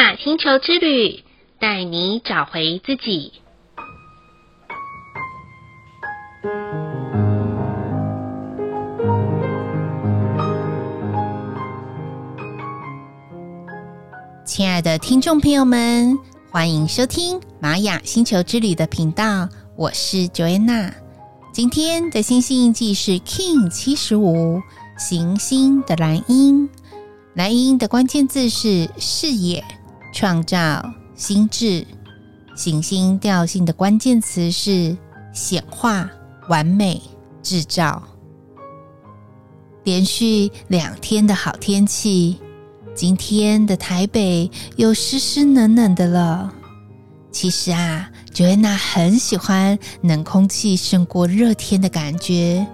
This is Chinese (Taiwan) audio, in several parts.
瑪雅星球之旅，帶你找回自己。親愛的聽眾朋友們，歡迎收聽瑪雅星球之旅的頻道，我是 Joanna。今天的星星印記是 Kin 七十五行星的藍鷹，藍鷹的關鍵字是視野，創造心智、行星調性的關鍵詞是顯化、完美、製造。連續兩天的好天氣，今天的台北又濕濕冷冷的了。其實啊，Joanna 很喜歡冷空氣勝過熱天的感覺。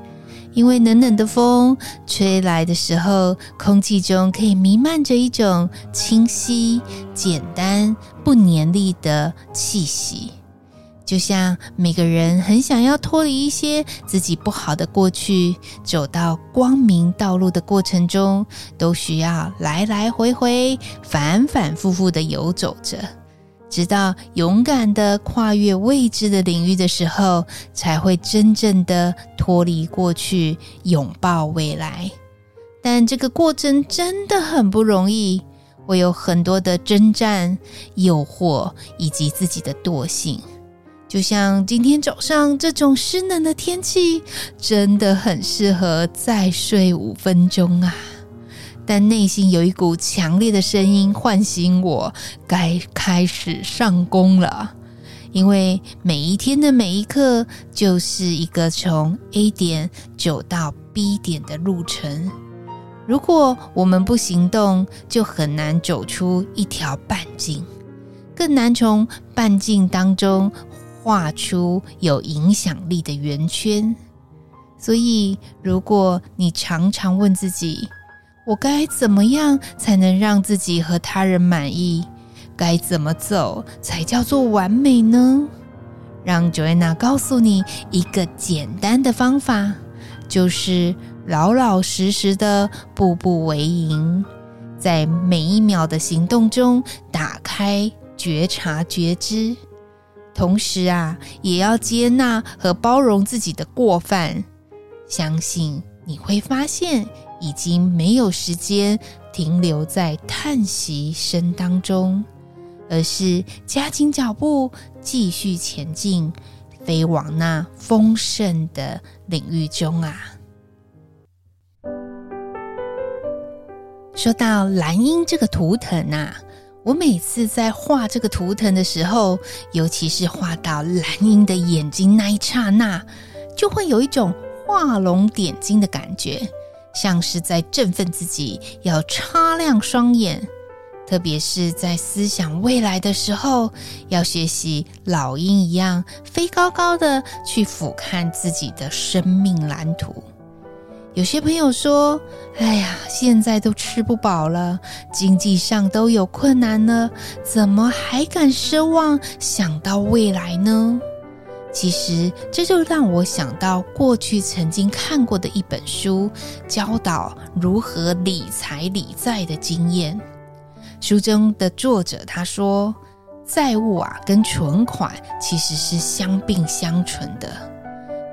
因為冷冷的風吹來的時候，空氣中可以彌漫着一種清晰、簡單、不黏膩的氣息。就像每個人很想要脫離一些自己不好的過去，走到光明道路的過程中，都需要來來回回、反反複複的游走着，直到勇敢的跨越未知的領域的時候，才會真正的。脫離過去，擁抱未來，但這個過程真的很不容易，我有很多的征戰、誘惑以及自己的惰性。就像今天早上這種濕冷的天氣，真的很適合再睡五分鐘啊！但內心有一股強烈的聲音喚醒我，該開始上工了。因為每一天的每一刻就是一個從 A 點走到 B 點的路程。如果我們不行動，就很難走出一條半徑，更難從半徑當中畫出有影響力的圓圈。所以，如果你常常問自己，我該怎麼樣才能讓自己和他人滿意？該怎麼走才叫做完美呢？讓 Joanna 告訴你一個簡單的方法，就是老老實實的，步步為營，在每一秒的行動中打開覺察覺知，同時啊，也要接納和包容自己的過犯。相信你會發現，已經沒有時間停留在嘆息聲當中。而是加緊腳步，繼續前進，飛往那豐盛的領域中啊！說到藍鷹這個圖騰啊，我每次在畫這個圖騰的時候，尤其是畫到藍鷹的眼睛那一剎那，就會有一種畫龍點睛的感覺，像是在振奮自己，要擦亮雙眼。特別是在思想未來的時候，要學習老鷹一樣飛高高的去俯瞰自己的生命藍圖。有些朋友說：“哎呀，現在都吃不飽了，經濟上都有困難了，怎麼還敢奢望想到未來呢？”其實，這就讓我想到過去曾經看過的一本書，教導如何理財理債的經驗。書中的作者他說：“債務啊，跟存款其實是相並相存的。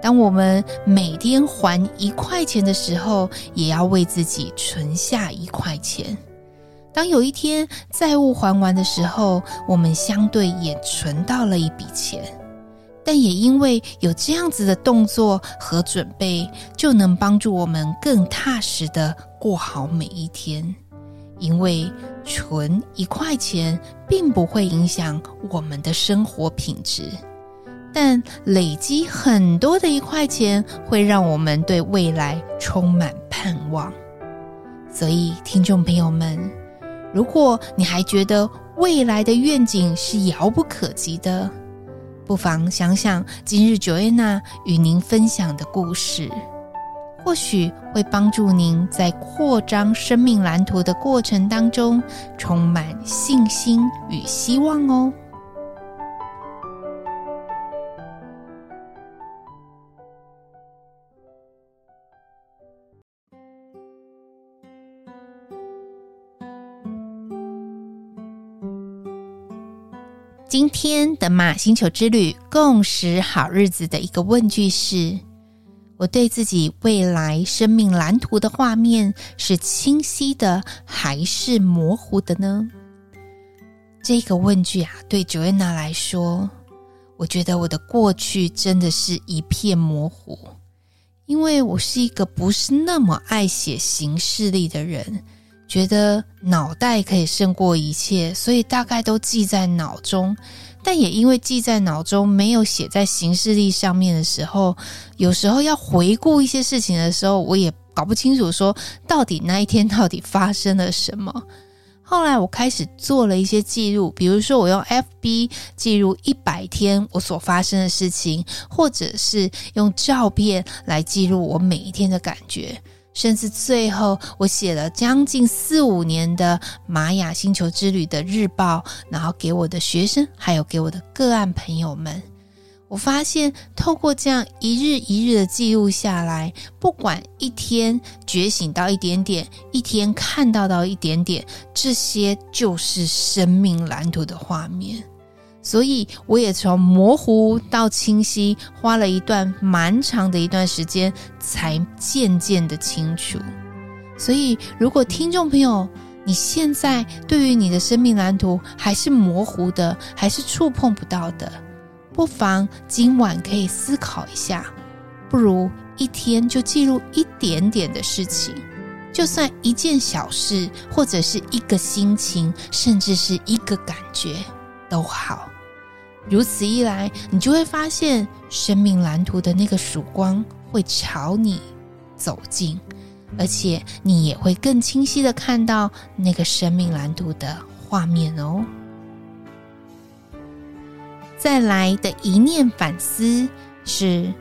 當我們每天還一塊錢的時候，也要為自己存下一塊錢。當有一天債務還完的時候，我們相對也存到了一筆錢。但也因為有這樣子的動作和準備，就能幫助我們更踏實的過好每一天。”因為存一塊錢並不會影響我們的生活品質，但累積很多的一塊錢會讓我們對未來充滿盼望。所以，聽眾朋友們，如果你還覺得未來的願景是遙不可及的，不妨想想今日 Joanna 與您分享的故事。或許會幫助您在擴張生命藍圖的過程當中，充滿信心與希望哦。今天的馬雅星球之旅共時好日子的一個問句是。我對自己未來生命藍圖的畫面是清晰的還是模糊的呢？這個問句啊，對 Joanna 來說，我覺得我的過去真的是一片模糊，因為我是一個不是那麼愛寫行事曆的人，覺得腦袋可以勝過一切，所以大概都記在腦中。但也因為記在腦中沒有寫在行事曆上面的時候，有時候要回顧一些事情的時候，我也搞不清楚說到底那一天到底發生了什麼。後來我開始做了一些記錄，比如說我用 FB 記錄一百天我所發生的事情，或者是用照片來記錄我每一天的感覺。甚至最後，我寫了將近四五年的馬雅星球之旅的日報，然後給我的學生，還有給我的個案朋友們。我發現透過這樣一日一日的記錄下來，不管一天覺醒到一點點，一天看到到一點點，這些就是生命藍圖的畫面。所以，我也從模糊到清晰，花了一段蠻長的一段時間，才漸漸的清楚。所以，如果聽眾朋友你現在對於你的生命藍圖還是模糊的，還是觸碰不到的，不妨今晚可以思考一下，不如一天就記錄一點點的事情，就算一件小事，或者是一個心情，甚至是一個感覺，都好。如此一來，你就會發現生命藍圖的那個曙光會朝你走近，而且你也會更清晰地看到那個生命藍圖的畫面哦。再來的一念反思是：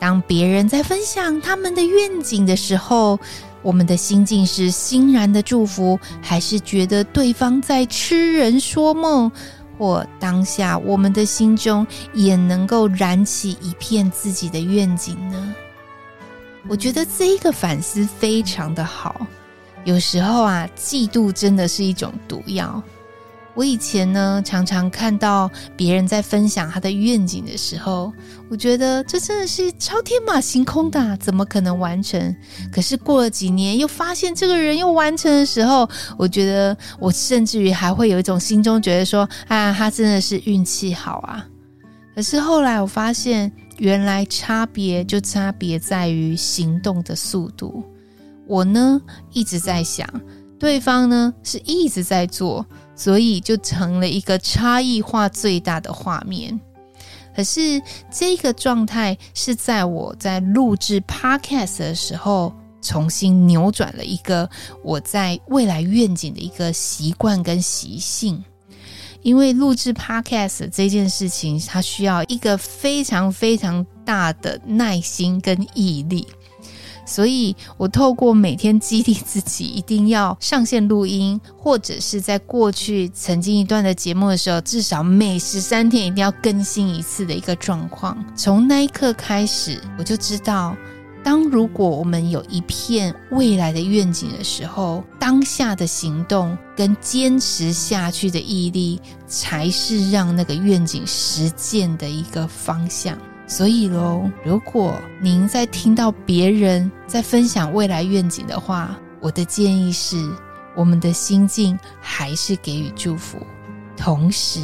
當別人在分享他們的願景的時候，我們的心境是欣然的祝福，還是覺得對方在痴人說夢？或當下我們的心中也能夠燃起一片自己的願景呢？我覺得這一個反思非常的好。有時候啊，嫉妒真的是一種毒藥。我以前呢，常常看到別人在分享他的願景的時候，我覺得這真的是超天馬行空的啊，怎麼可能完成？可是過了幾年，又發現這個人又完成的時候，我覺得我甚至於還會有一種心中覺得說：“啊，他真的是運氣好啊。”可是後來我發現，原來差別就差別在於行動的速度。我呢一直在想，對方呢是一直在做。所以就成了一個差異化最大的畫面。可是這個狀態是在我在錄製 Podcast 的時候，重新扭轉了一個我在未來願景的一個習慣跟習性，因為錄製 Podcast 這件事情，它需要一個非常非常大的耐心跟毅力。所以，我透過每天激勵自己，一定要上線錄音，或者是在過去曾經一段的節目的時候，至少每十三天一定要更新一次的一個狀況。從那一刻開始，我就知道，當如果我們有一片未來的願景的時候，當下的行動跟堅持下去的毅力，才是讓那個願景實踐的一個方向。所以嘍，如果您在聽到別人在分享未來願景的話，我的建議是，我們的心境還是給予祝福，同時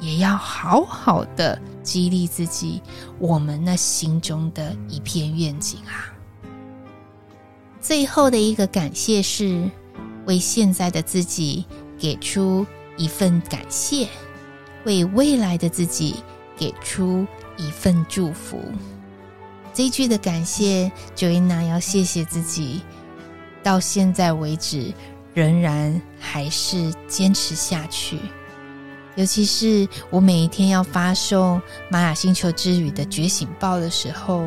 也要好好的激勵自己，我們那心中的一片願景啊。最後的一個感謝是，為現在的自己給出一份感謝，為未來的自己給出一份祝福。這一句的感謝，Joanna 要謝謝自己，到現在為止，仍然還是堅持下去。尤其是我每一天要發送《瑪雅星球之旅》的覺醒報的時候，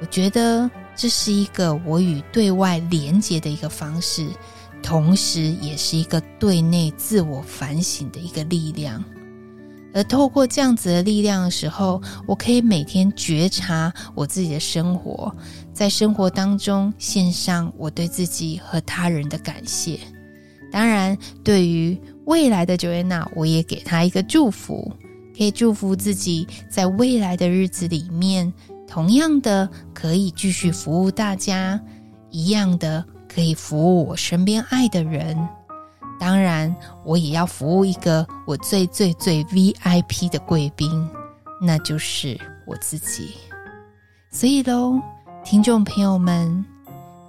我覺得這是一個我與對外連接的一個方式，同時也是一個對內自我反省的一個力量。而透過這樣子的力量的時候，我可以每天覺察我自己的生活，在生活當中獻上我對自己和他人的感謝。當然，對於未來的 Joanna，我也給她一個祝福，可以祝福自己在未來的日子裡面，同樣的可以繼續服務大家，一樣的可以服務我身邊愛的人。當然，我也要服務一個我最最最 VIP 的貴賓，那就是我自己。所以嘍，聽眾朋友們，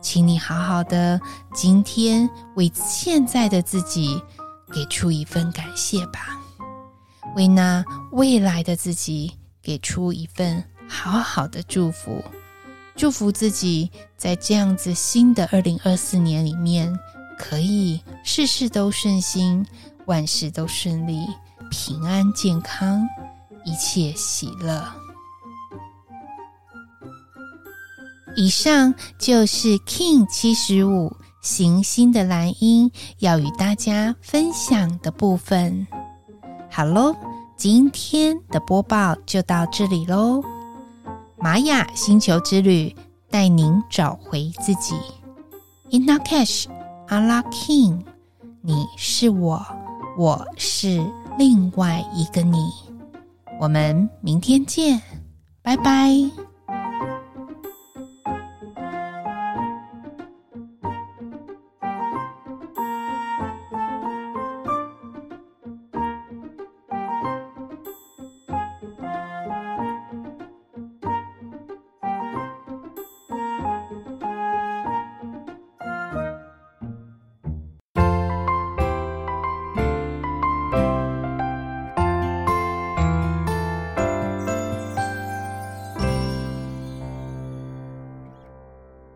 請你好好的今天為現在的自己給出一份感謝吧，為那未來的自己給出一份好好的祝福，祝福自己在這樣子新的2024年裡面。可以事事都順心，萬事都順利，平安健康，一切喜樂。以上就是 Kin 七十五行星的藍鷹要與大家分享的部分。好嘍，今天的播報就到這裡嘍。瑪雅星球之旅，帶您找回自己。In our cash。阿拉 King，你是我，我是另外一個你。我們明天見，拜拜。